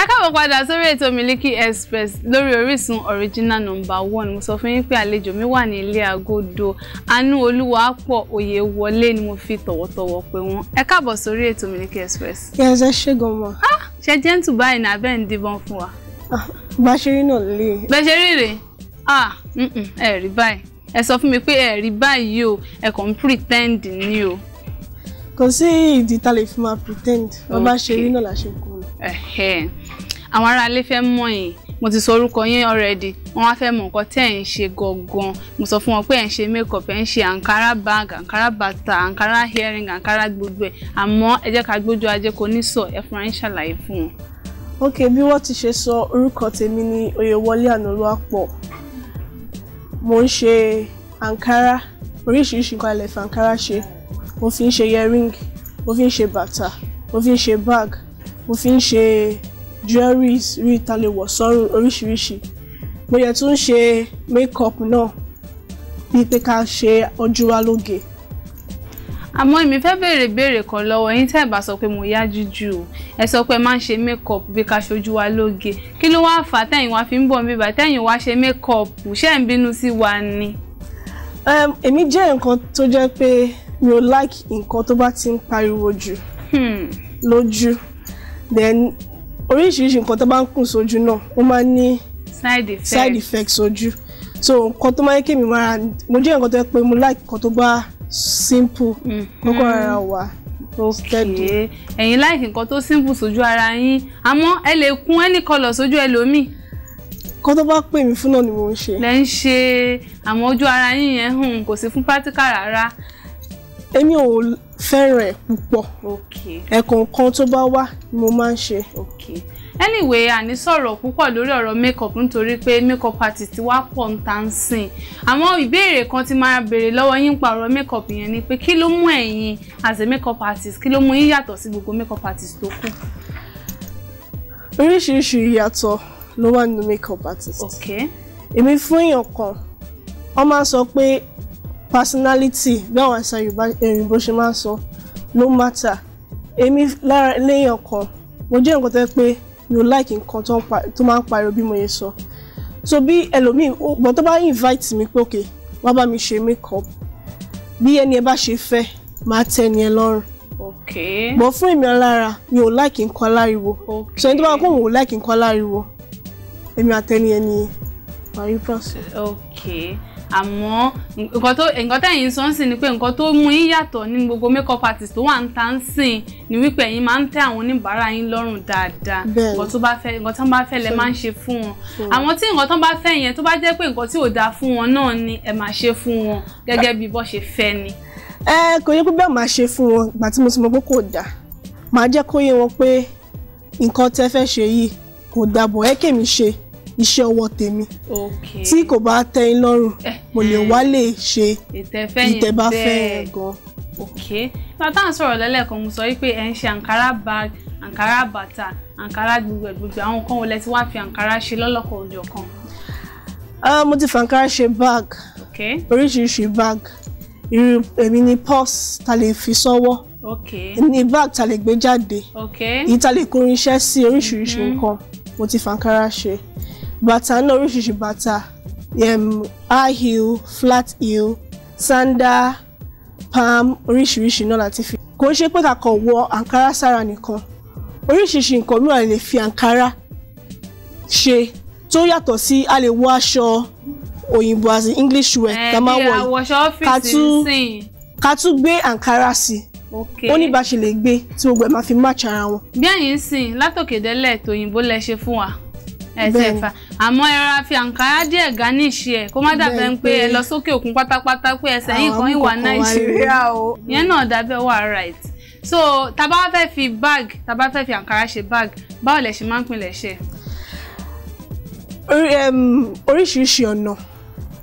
ẹ káàbọ̀ padà sórí ètò Miliki Express lórí Orísun original number one mo sọ fún yín pé àlejò mi wà ní ilé agodo anú olúwa pọ̀ òye wọlé ni mo fi tọ̀wọ̀tọ̀wọ̀ pé wọ́n ẹ káàbọ̀ sórí ètò Miliki Express. yẹ́sẹ̀ ṣe gan mọ́. ṣe jẹ́ǹtù báyìí ní abẹ́ ń díbọn fún wa. Ah, bá a ṣe rí náà lè. bẹ́ẹ̀ ṣe rí rèé ah, ẹ rí báyìí ẹ sọ fún mi pé ẹ rí báyìí o ẹ kàn ń pretend ni o kò sí ìdí tá lè fi máa pretend bó bá ṣe rí náà la ṣe àwọn aráalé fẹ́ mọ̀ yín mo ti sọ orúkọ yín already wọ́n wá fẹ́ mọ̀ nǹkan tẹ́ ẹ̀ ń ṣe gangan mo sọ fún wọn pé ẹ̀ ń ṣe makeup ẹ̀ ń ṣe ankara bag ankara bàtà ankara earring ankara gbogbo ẹ̀ àmọ́ ẹ jẹ́ ká gbójú ajé kò ní sọ ẹ fúnra yín ṣàlàyé fún wọn. ok bí wọ́n ti ṣe sọ orúkọ tèmi ni Oyèwọlé Ànàolúwápọ̀ mo ń ṣe ankara oríṣiríṣi nǹkan alẹ́ fún ṣe mo fi ń ṣe earring mo fi ń ṣe bàtà mo fi ń ṣe bag mo fi ń ṣe jewelries rí ta lè wọ̀ sọ́rùn oríṣiríṣi mo yẹ tún ṣe makeup náà bíi pé ká ṣe ojú wa lóge àmọ́ èmi fẹ́ béèrè béèrè kan lọ́wọ́ yín tẹ́ ẹ̀ bá sọ pé mo yájú jù o ẹ sọ pé máa ń ṣe makeup bí ká ṣojú wa lóge kí ló wá fà á tẹ̀yìn wá fi ń bọ̀ mí bá tẹ̀yìn wá ṣe makeup ṣé ẹ̀ ń bínú sí wa ni. èmi jẹ́ nǹkan tó jẹ́ pé mi ò like nǹkan tó bá ti ń pariwo jù hmm. lójú then oríṣiríṣi nǹkan tó bá ń kùn sójú náà ó máa ń ní side effects side effect sójú so nǹkan tó máa ń kémi mara mo jẹ́ nǹkan tó yẹ pé mo like nǹkan tó bá simple mhm. kókó ara wa tó steady. ẹ̀yin like nǹkan tó simple sójú ara yín àmọ́ ẹ lè kùn any colour sójú ẹlòmíì kó tó bá pè mí fún náà ni mo ń ṣe. lẹ́ ń ṣe àmọ́ ojú ara yín yẹn hmm, kò sí fún pátíkà rárá èmi ò fẹ́ràn ẹ̀ púpọ̀ ẹ̀kọ̀ọ̀kan tó bá wá ni mo máa ń ṣe. anyway àní sọ̀rọ̀ púpọ̀ lórí ọ̀rọ̀ makeup nítorí pé makeup artist wá pọ̀ ń ta ń sìn àmọ́ ìbéèrè kan ti máa béèrè lọ́wọ́ yín pa ọ̀rọ̀ makeup yẹn ni pé kí ló mú ẹ̀yin as a makeup artist kí ló mú yín yàtọ̀ sí gbogbo makeup artist tó kù. oríṣiríṣi ìyàtọ̀ ló wà nínú makeup artist. èmi fún èèyàn kan wọ́n máa sọ pé personality bí àwọn àṣà òyìnbó ṣe máa ń sọ no matter èmi lára lẹ́yìn ọkàn mo jẹ́ nǹkan tẹ́ pé mi ò like nǹkan tó máa ń pariwo bí mo yẹ sọ so bí ẹlòmíì gbọ́n tó bá invite mi pé òkè wá bá mi ṣe makeup bí ẹni ẹ bá ṣe fẹ́ máa tẹ́ ẹni ẹ lọ́rùn bọ̀ fún èmi lára mi ò like nǹkan aláriwo so ẹni tó bá kóhùn ò like nǹkan aláriwo èmi àtẹni ẹni parí process. okay àmọ́ nǹkan tó nǹkan tẹ̀yìn sọ ń sìn ni pé nǹkan tó mú yín yàtọ̀ nínú gbogbo makeup artist tó wà ń ta ń sìn ni wípé ẹ̀yin máa ń tẹ́ àwọn oníbàárà yín lọ́rùn dáadáa nǹkan tó bá fẹ́ nǹkan tó bá fẹ́ lẹ máa ń ṣe fún wọn àwọn tí nǹkan tó bá fẹ́ yẹn tó bá jẹ́ pé nǹkan tí ò dáa fún wọn náà ni ẹ máa ṣe fún wọn gẹ́gẹ́ bí bọ́ ṣe fẹ́ ni. ẹ kò yẹ pé bẹ́ẹ̀ máa ṣe fún wọn ìgbà tí mo ti mọ pé kò dáa máa jẹ́ kó yé wọn pé nǹkan tẹ́ fẹ́ ṣe yìí kò dáa bọ̀ ẹ́ kèmí ṣe iṣẹ́ ọwọ́ tèmi tí kò bá tẹ́ yín lọ́rùn eh, mo lè hmm. wálé ṣe ìtẹ̀bá fẹ́ gan. ok nígbà tá à ń sọ̀rọ̀ lẹ́lẹ́kan mo sọ wípé ẹ̀ ń ṣe ankara bag ankara bàtà ankara gbogbo gbogbo àwọn nǹkan wo lẹ ti wá fi ankara ṣe lọ́lọ́kọ̀ òjò kan. Ah, mo ti fi ankara ṣe bag oríṣiríṣi bag irú èmi ni purse ta lè fi sọ́wọ́ ní bag ta lè gbé jáde èyí ta lè kó irinṣẹ́ sí oríṣiríṣi mhm. nǹkan mo ti fi ankara ṣe bàtà náà oríṣiríṣi bàtà um, high heel flat heel sandal palm oríṣiríṣi náà láti fi. kò ń ṣe pé kàkọ́ wọ àǹkárá sára nìkan oríṣiríṣi nǹkan mìíràn lè fi àǹkárá ṣe tó yàtọ̀ sí a lè wọ aṣọ òyìnbó as english wear eh, tá a máa wọ yìí ká tún gbé àǹkárá sí i ó ní bá ṣe lè gbé tí gbogbo ẹ̀ máa fi máàchì ara wọn. bí ẹ̀yin sìn látòkèdélẹ̀ tòyìnbó lẹ ṣe fún wa ẹsẹ̀ ẹ̀fà àmọ́ ẹ rọra fi àǹkárá díẹ̀ garnish ẹ̀ kó má dàbẹ́ ń pé ẹ lọ sókè òkun pátápátá pé ẹsẹ̀ yìí kan ìwà nàìjíríà o yẹn náà dàbẹ́ wà right so tá bá fẹ́ fi bag tá bá fẹ́ fi àǹkárá ṣe bag báwo lẹ ṣe máa ń pinlẹ̀ ṣe. oríṣiríṣi ọ̀nà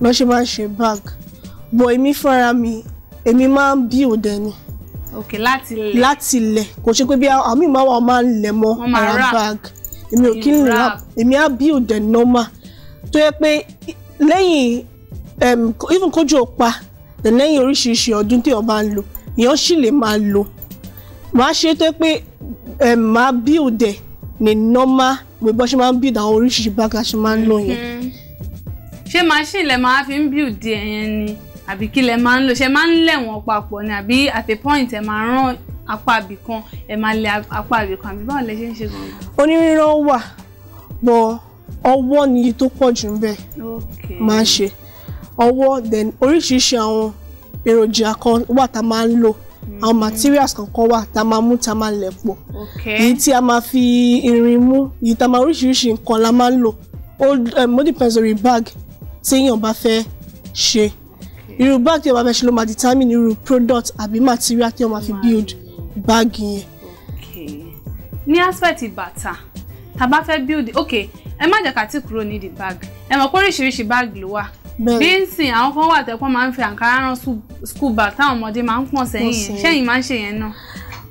ló ṣe máa ń ṣe bag bọ̀ èmi fúnra mi èmi máa ń bí òde ni ok láti lẹ̀ láti lẹ̀ kò ṣe pé bí àmì máa wà máa ń lẹ̀ mọ́ ara bag èmi ò kí ń rap èmi á build ẹ̀ normal tó yẹ pé lẹ́yìn even kójú ọ̀pá lẹ́yìn oríṣiríṣi ọdún tí èèyàn bá ń lò èèyàn sì lè máa lò màá ṣe tó yẹ pé màá build ẹ̀ ní normal pé bọ́ ṣe máa ń build àwọn oríṣiríṣi bága ṣe máa ń lò yẹn. Mhm. ṣé machine lẹ máa fi ń build ẹ yẹn ni àbí kí lẹ máa ń lò ṣe máa ń lẹ̀ wọ́n papọ̀ ni àbí at point ẹ máa rán apá ibì kan ẹ máa lẹ apá ibì kan àbí báwo lẹ ṣe ń ṣe gangan. onírírọ́ wà bọ̀ ọwọ́ nìyí tó pọ̀ jù ń bẹ̀ máa ṣe ọwọ́ then oríṣiríṣi àwọn èròjà kan wà tá a máa ń lò mhm. àwọn materials kankan wà tá a máa mú tá a máa lẹ̀ pọ̀ èyí tí a máa fi irin mú èyí tá a máa oríṣiríṣi nǹkan la máa ń lò ó eh, depends bag tí èèyàn bá fẹ́ ṣe irú bag tí èèyàn bá fẹ́ ṣe ló máa determine irú product àbí material tí máa fi build. Wow báàgì yẹn. okay ní aspect bàtà tá a bá fẹ́ build ok, ẹ má jẹ́ ká tí kúrò ní the bag ẹ mọ̀ pé oríṣiríṣi bag ló wà bí ń sìn àwọn kan wà tẹ́pọ́n máa ń fi àǹkárá rán school bag táwọn ọmọdé máa ń pọ̀ sẹ́yìn yẹn sẹ́yìn máa ń ṣe yẹn náà.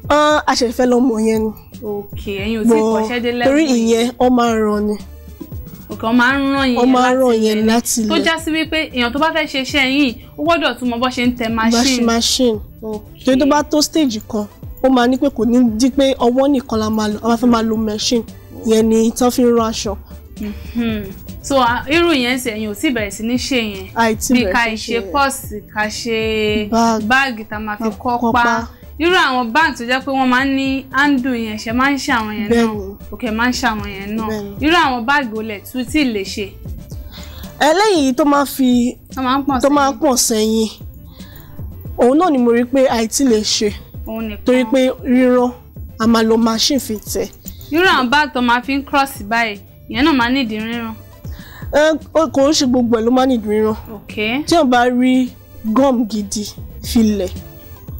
ọ́n àṣẹfẹ́ lọmọ yẹn ni. ok ẹ̀yin ò tí kọ́ṣẹ́ dé lẹ́wọ̀n. torí ìyẹn ọ máa ń ran ni. ok ọ máa ń ran yẹn láti yẹn láti tó já sí wípé èèyàn tó bá fẹ́ ṣe iṣẹ́ yìí ó gbọ́dọ̀ tún mọ bó ṣe ń tẹ machine. machine. ok ó máa ní pé kò ní di pé ọwọ́ nìkan la máa lò a máa fẹ́ máa lo machine yẹn ni tán fi ń rán aṣọ. Hmm. so irú yẹn ṣe ẹ̀yin ò tí bẹ̀rẹ̀ sí ní ṣe yẹn bí ká ṣe pọ́ọ̀sì ká ṣe báàgì tá a máa fi kọ́ pa irú àwọn báàgì tó jẹ́ pé wọ́n máa ń ní áńdù yẹn ṣe máa ń ṣe àwọn yẹn náà òkè máa ń ṣe àwọn yẹn náà irú àwọn báàgì olè tún tí ì lè ṣe. ẹlẹ́yìn tó máa fi tó máa pọ̀ sẹ́yìn òun náà ni mo rí pé àìtí lè ṣe òun nìkan torí pé rírán a máa lo machine fi tẹ. irú àwọn bàtọ̀ máa fi ń cross báyìí ìyẹn náà máa nídìí rírán. kò ń ṣe gbogbo ẹ ló máa nídìí rírán. okay. tí wọn bá rí gum gidi filẹ̀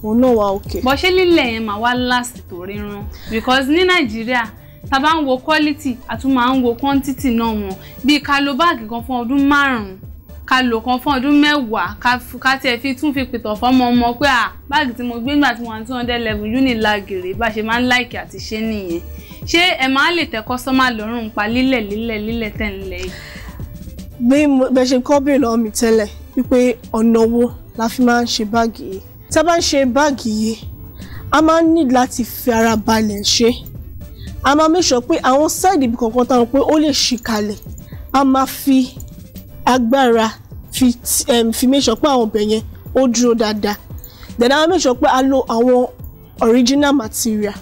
òun náà wà òkè. bó ṣe lílẹ̀ yẹn máa wá last tó rírun because ní nàìjíríà tá a bá ń wo quality a tún máa ń wo quantity náà wọn bíi ká lo báàgì kan fún ọdún márùn-ún ká lò kan fún ọdún mẹ́wàá ká tiẹ̀ fi tún fi pìtọ̀ fọ́mọ ọmọ pé à báàgì tí mo gbé nígbà tí mo wà ní two hundred eleven Unilag bá ṣe máa ń láìkì àti ṣe nìyẹn ṣé ẹ máa lè tẹ́ kọ́sọ́mà lọ́rùn pa lílẹ̀ lílẹ̀ lílẹ̀ tẹ̀ ń lẹ̀ yìí. bí mo ṣe kọ́ bèrè lọ́wọ́ mi tẹ́lẹ̀ wípé ọ̀nà wo la fi máa ń ṣe báàgì yìí tá a bá ń ṣe báàgì yìí a máa ń ní láti fi ara balẹ̀ ṣe a máa make sure pé àwọn sáìdì ibì kọ̀ọ̀kan táwọn pé ó lè ṣì kalẹ̀ a máa fi agbára fi um, fi make sure pé àwọn ọbẹ̀ yẹn ó dúró dáadáa then a make sure pé a lo àwọn original material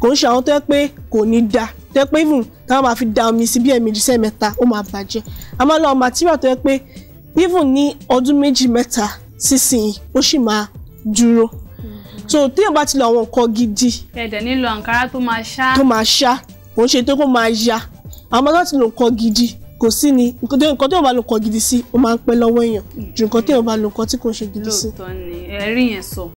kò ń ṣe àwọn tó yẹ pé kò ní da tó yẹ pé even táwọn máa fi da omi sí bí ẹ̀ẹ̀mejì sẹ́ẹ̀mẹ́ta ó máa bàjẹ́ a máa lo àwọn material tó yẹ pé even ní ọdún méjì mẹ́ta sísìn ó sì máa dúró so téèyàn bá ti lo àwọn nǹkan gidi. ẹ̀dẹ̀ nílò àǹkárá tó máa ṣá. tó máa ṣá kò ń ṣe tó kó máa ya àwọn máa láti lo nǹkan gidi kò sí ni nǹkan tí o bá lo nǹkan gidi sí o máa ń pẹ́ lọ́wọ́ èèyàn ju nǹkan tí o bá lo nǹkan tí kò ṣe gidi sí. lóòótọ́ ni ẹ̀rí yẹn sọ